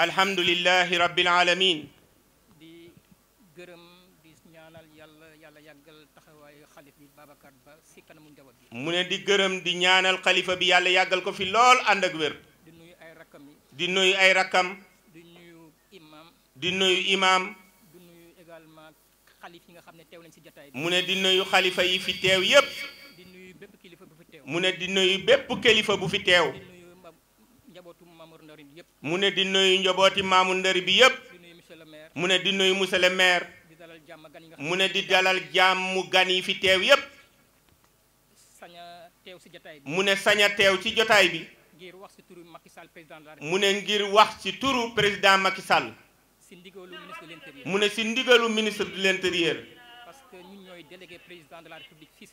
alhamdulillahi rabbil alamin di gërëm di ñaanal yàlla yàlla yàggal taxawaayu xalif bi Babacar Ba si kanamu njaboot bi mu ne di gërëm di ñaanal xalifa bi yàlla yàggal ko fi lool ànd ak wér di nuyu ay rakkam yi di nuyu ay rakkam di nuyu imam di nuyu imam di nuyu également xalif yi nga xam ne teew nañ si jotaay mu ne di nuyu xalifa yi fi teew yépp di nuyu bépp kilifa bu fi teew mu ne di nuyu bépp kilifa bu fi teew mu ne di nuyu njobooti maamu ndëri bi yépp mu ne di nuyu monsieur le maire mu ne di dalal mu gan yi fi teew yépp mu ne sañ a teew ci jotaay bi mu ne ngir wax ci turu président Macky Sall mu ne si ndigalu ministre de l'intérieur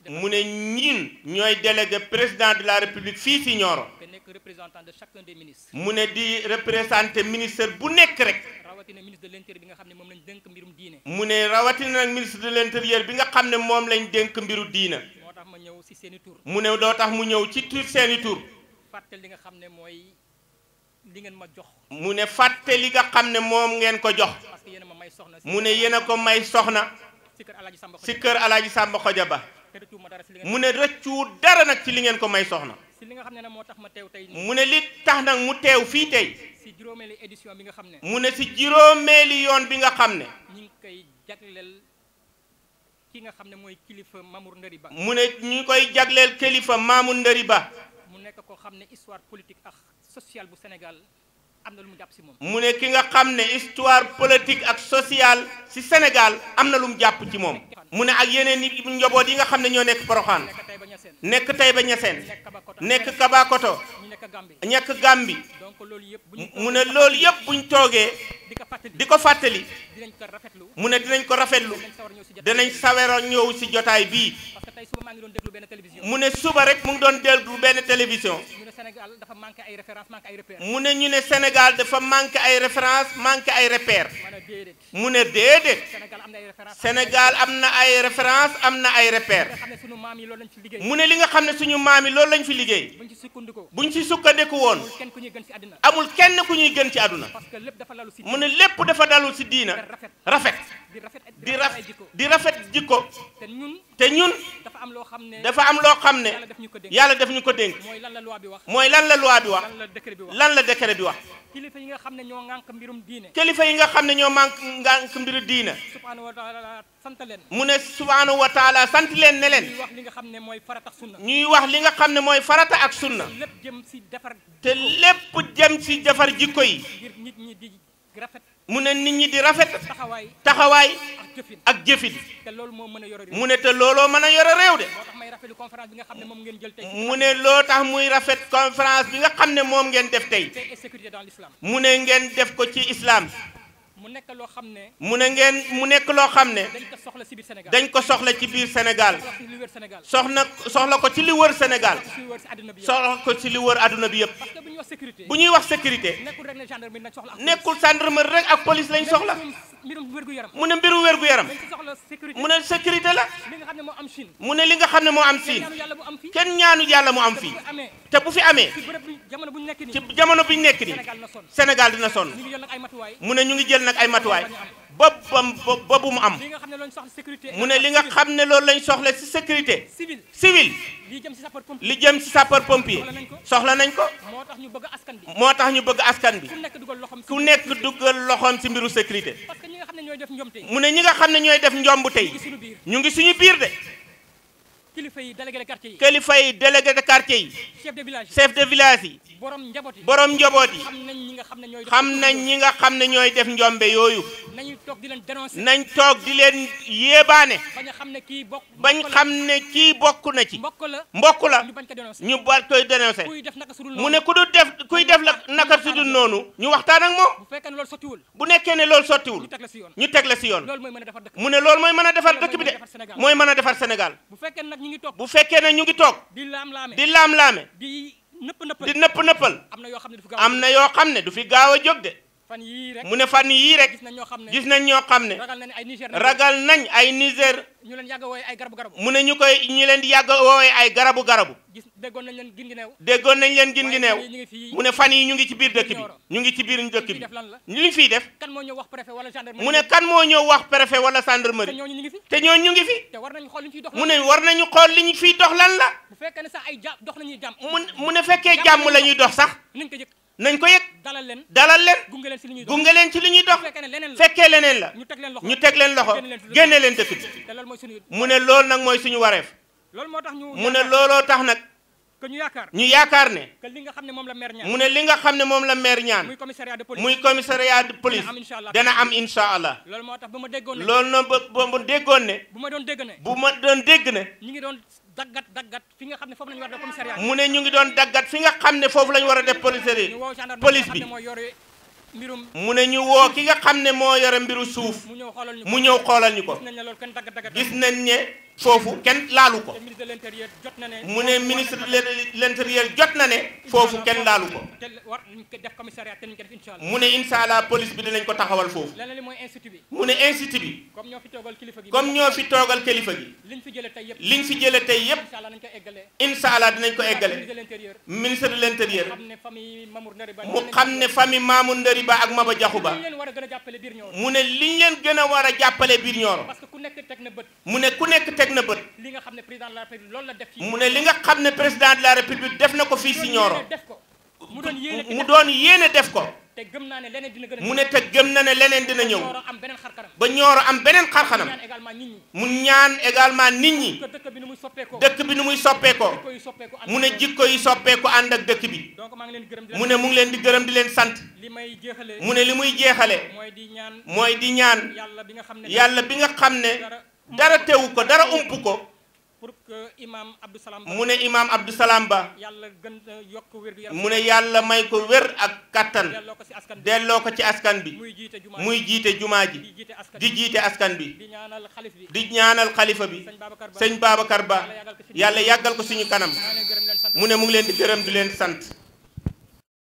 mu ne ñin ñooy délégué président de la république fii si Nioro représentant de chacun des ministres. mu ne di représenter ministre bu nek rek. rawatina ministre de l'intérieur bi nga xam mom moom lañ dénk mbirum diiné. mu ne rawatina nag ministre de l'intérieur bi nga xam mom moom lañ dénk mbiru diina. Motax ma ñew ci seeni tour. mu ne doo tax mu ñew ci tour seeni tour. fàttali li nga xam moy li ngeen ma jox. mu ne fàtte li nga xam mom ngeen ko jox. parce que yéen ma may soxna. mu ne yéen ko may soxna. ci kër Alaaji Samba Xoja Ba. mu ne rëccu dara nag ci li ngeen ko may soxna si li nga xam ne nag moo tax ma teew tey mu ne li tax nag mu teew fii tey si juróomeeli bi nga xam ne mu ne si juróomeeli yoon bi nga xam ne ñu ngi koy jagleel ki nga xam ne mooy kilifa Mamour Ndari mu ne ñu koy jagleel kilifa Mamour Ndari mu nekk koo xam ne histoire politique ak sociale bu Sénégal am na lu mu si moom mu ne ki nga xam ne histoire politique ak sociale si Sénégal am na lu mu jàpp ci moom mu ne ak yeneen nit i njaboot yi nga xam ne ñoo nekk Poroxaan nekk Taïba Niassène nekk Kabakoto ñekk Gambi mu ne loolu yëpp buñ toogee di ko fàttali mu ne dinañ ko rafetlu dinañ sawero ñëw ci jotaay bii mu ne suba rek mu ngi doon déglu benn télévision mu ne ñu ne Sénégal dafa manqué ay référence manqué ay repères mu ne déedéet Sénégal am na ay référence am na ay repère mu ne li nga xam ne suñu maam yi loolu lañ fi liggéey buñ ci sukkandiku woon amul kenn ku ñuy gën ci àdduna mu ne lépp dafa dalul ci diina rafet di raf di rafet jikko te ñun dafa am loo xam ne yàlla def ñu ko dénk mooy lan la loi bi wax lan la décret bi wax kilifa yi nga xam ne ñoo ŋànk mbirum diine kilifa yi nga xam ne ñoo mànk ŋànk mbiru diine subhaanahu wa taala sant leen mu ne subhaanahu wa sant leen ne ñuy wax li nga xam ne mooy farata ak sunna ñuy wax li nga xam ne mooy farata ak sunna lépp jëm si defar te lépp jëm ci defar jikko yi ngir nit ñi di rafet mu ne nit ñi di rafet taxawaay taxawaay ak jëfin te loolu moo mën a yore mu ne te looloo mën a yore réew de mu ne loo tax muy rafet conférence bi nga xam ne moom ngeen def tey mu ne ngeen def ko ci islam mu nekk loo xam ne. mu ne ngeen mu nekk loo xam ne. dañ ko soxla ci biir Sénégal dañ ko soxla ci biir Sénégal. soxna soxla ko ci li wër Sénégal. soxla ko ci li wër adduna bi yëpp. bu ñuy wax sécurité. nekkul gendarmerie rek ak police lañ soxla. mu ne mbiru wér gu yaram. mu ne sécurité la. mu ne li nga xam ne moo am siin. kenn ñaanu yàlla mu am fii. te bu fi amee. jamono bu ñu nekk nii ci jamono bu ñu nekk nii Sénégal dina sonn mu ne ñu ngi jël nag ay matuwaay ba ba bu mu am mu ne li nga xam ne loolu lañ soxla si sécurité civile li jëm ci sapeur pompier soxla nañ ko moo tax ñu bëgg askan bi ku nekk duggal loxoom ci mbiru sécurité mu ne ñi nga xam ne ñooy def njomb tey ñu ngi suñu biir de. kilifa yi délégué de quartier yi. kilifa yi délégué de quartier yi. chef de village yi chef de village yi. borom njaboot yi xam nañ ñi nga xam ne ñooy def njombe yooyu. nañ toog di leen dénoncer nañ toog di leen yéebaane. bañ xam ne kii bokk bañ xam ne kii bokk na ci. mbokk la mbokk la ñu bañ koy dénoncer. mu ne ku du def kuy def la naka su noonu. ñu waxtaan ak moom. bu fekkee ne loolu bu nekkee ne loolu sottiwul. ñu teg la si yoon ñu teg si yoon. mu ne loolu mooy mën a defar dëkk bi de. mooy mën a defar Sénégal. bu fekkee nag ñu ngi toog. bu fekkee ne ñu ngi toog. di laam-laame di laam-laame. di nëpp nëppal di nëpp nëppal. am na yoo xam ne du fi gaaw a jóg de fan yii rek mu ne fan yii rek gis nañ ñoo xam ne gis nañ ñoo xam ne ragal nañ ay Niger ragal nañ ay Niger ñu leen yàgg wooye ay garabu garabu mu ne ñu koy ñu leen di yàgg wooye ay garabu garabu gis déggoon nañ leen gin gi neew déggoon nañ leen gin gi neew mu ne fan yi ñu ngi ci biir dëkk bi ñu ngi ci biir dëkk bi ñu ngi fiy def kan moo ñëw wax préfet wala gendarmerie mu ne kan moo ñëw wax préfet wala gendarmerie te ñooñu ñu ngi fi te ñooñu ñu ngi fi te war nañu xool dox mu ne war nañu xool li ñu fiy dox lan la bu fekkee ne sax ay jàmm dox nañuy jàmm mu ne fekkee jàmm la ñuy dox sax nañ ko yëg nañ ko yëg dalal leen dalal leen gunge leen ci li ñuy dox gunge leen ci li ñuy dox fekkee leneen la ñu teg leen loxo génne leen dëkk bi mu ne loolu nag mooy suñu wareef mu ne looloo tax nag ñu yaakaar ne mu ne li nga xam ne moom la maire ñaan muy commissariat de police dana am insha allah loolu nag ba ba mu déggoon ne bu ma doon dégg ne ñi ngi doon daggat daggat fi nga xam ne foofu la ñu war a def mu ne ñu ngi doon daggat fi nga xam ne foofu la war a def policier police bi mu ne ñu woo ki nga xam ne moo yore mbiru suuf mu ñëw xoolal ñu ko gis nañ ne foofu kenn laalu ko mu ne ministre de l'intérieur jot na ne foofu kenn laalu ko mu ne incha allah police bi dinañ ko taxawal foofu mu ne institut bi comme ñoo fi toogal kilifa gi liñ fi jële tey yépp incha allah ko eggale ministre de mu xam ne famille Mamour Ndari Ba ak Maba Diakhou Ba mu ne liñ leen gën a war a jàppale biir Nioro nekk teg na bët. mu ne ku nekk teg na bët. li nga xam ne président de la république loolu def ci. mu ne li nga xam ne président de la république def na ko fii si Nioro. mu doon yéene def mu doon yéene def ko. te gëm naa ne leneen dina gën a mu ne te gëm na ne leneen dina ñëw am beneen xarkanam ba ñooro am beneen xarkanam mu ñaan également nit ñi dëkk bi nu muy soppeekoo dëkk bi nu muy soppeekoo mu ne jikko yi soppeeku ànd ak dëkk bi mu ne mu ngi leen di gërëm di leen sant mu ne li muy jeexale mooy di ñaan yàlla bi nga xam ne dara teewu ko dara ump ko pour que imaam Abdou Salam mu ne imaam Abdou Salam Ba. yàlla gën euh, yokk wér gu yaram mu ne yàlla may ko wér ak kattan. delloo ko ci askan bi delloo ko ci askan bi. muy jiite jumaa ji muy jiite jumaa ji. di jiite askan bi di ñaanal xalif di ñaanal xalifa bi. sëñ Babacar Ba yàlla yàggal ko suñu kanam. mu ne mu ngi leen di gërëm di leen sant.